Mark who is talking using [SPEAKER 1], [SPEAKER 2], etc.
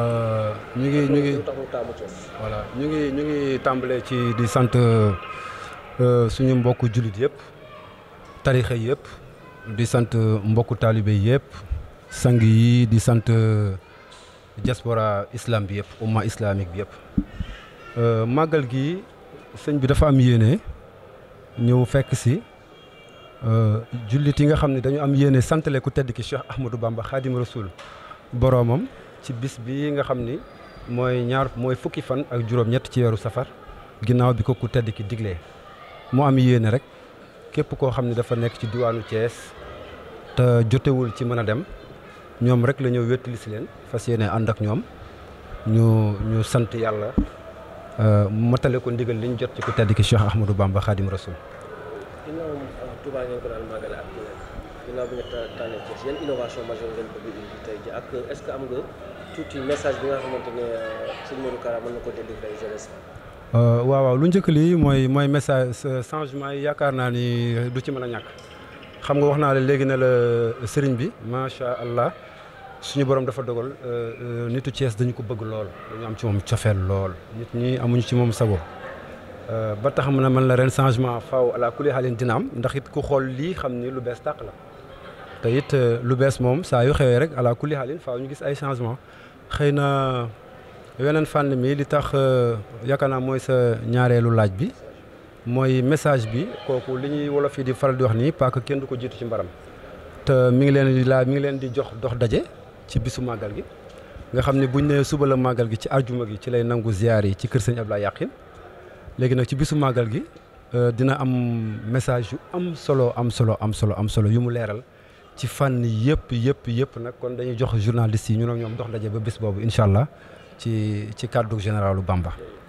[SPEAKER 1] Euh, ñu ngi ñu voilà ñu ngi ñu ngi tàmbalee ci di sant euh, suñu mbokk jullit yëpp tarixa yëpp di sant euh, mbokku taalibe yëpp sang yi di sant diaspora islam bi yëpp umma islamique bi yëpp màggal gi sëñ bi dafa am yéene ñëw fekk si jullit yi nga xam ne dañu am yéene santale ku tedd ki Cheikh Ahmadou Bamba Khadim Rasoul boroomam ci bis bi nga xam ni mooy ñaar mooy fukki fan ak juróom-ñett ci weeru safar ginnaaw bi ko ku tedd ki diglee mu am yéene rek képp koo xam ne dafa nekk ci diwaanu cees te jotewul ci mën a dem ñoom rek la ñëw wéttali si leen fas yéene ànd ak ñoom ñu ñu sant yàlla euh, matale ko ndigal li ñu jot ci ku tedd ki Cheikh Ahmadou Bamba Khadim Rasoul. ginnaaw bi nga tànnee Thiès tey ji ak est-ce que am nga tuuti message bi euh, ko délivrer jeunesse euh, waaw waaw lu njëkk lii mooy mooy message euh, changement yaakaar naa ni du ci mën a ñàkk xam nga wax naa la léegi ne la sëriñ bi macha allah suñu borom dafa dogal nitu Thiès dañu ko bëgg lool dañu am ci moom cofeel lool nit ñi amuñu ci moom sago ba tax na man la ren changement faaw ala kulli xaalin dina am ndax it ku xool lii xam ni lu bees tàq la te it euh, lu bees moom saa yu xewee rek ala kulli xaalin faaw ñu gis ay changement xëy na euh, weneen fànn mii li tax euh, yaakaar naa mooy sa ñaareelu laaj bi mooy message bi kooku li ñuy wolof yi di faral di wax nii paaka kenn du ko jiitu ci mbaram te mi ngi leen di mi ngi leen di jox dox daje ci bisu màggal gi nga xam ne buñ nee suba la màggal gi ci arjuma gi ci lay nangu ziyaar yi ci kër sëñ Abdoulaye Yakhine léegi nag ci bisu màggal gi dina am message yu am solo am solo am solo am solo yu mu leeral ci fànn yëpp yëpp yëpp nag kon dañuy jox journaliste yi ñu ne ñoom dox ndaje ba bés boobu incha allah ci ci kàddu généralu Bamba.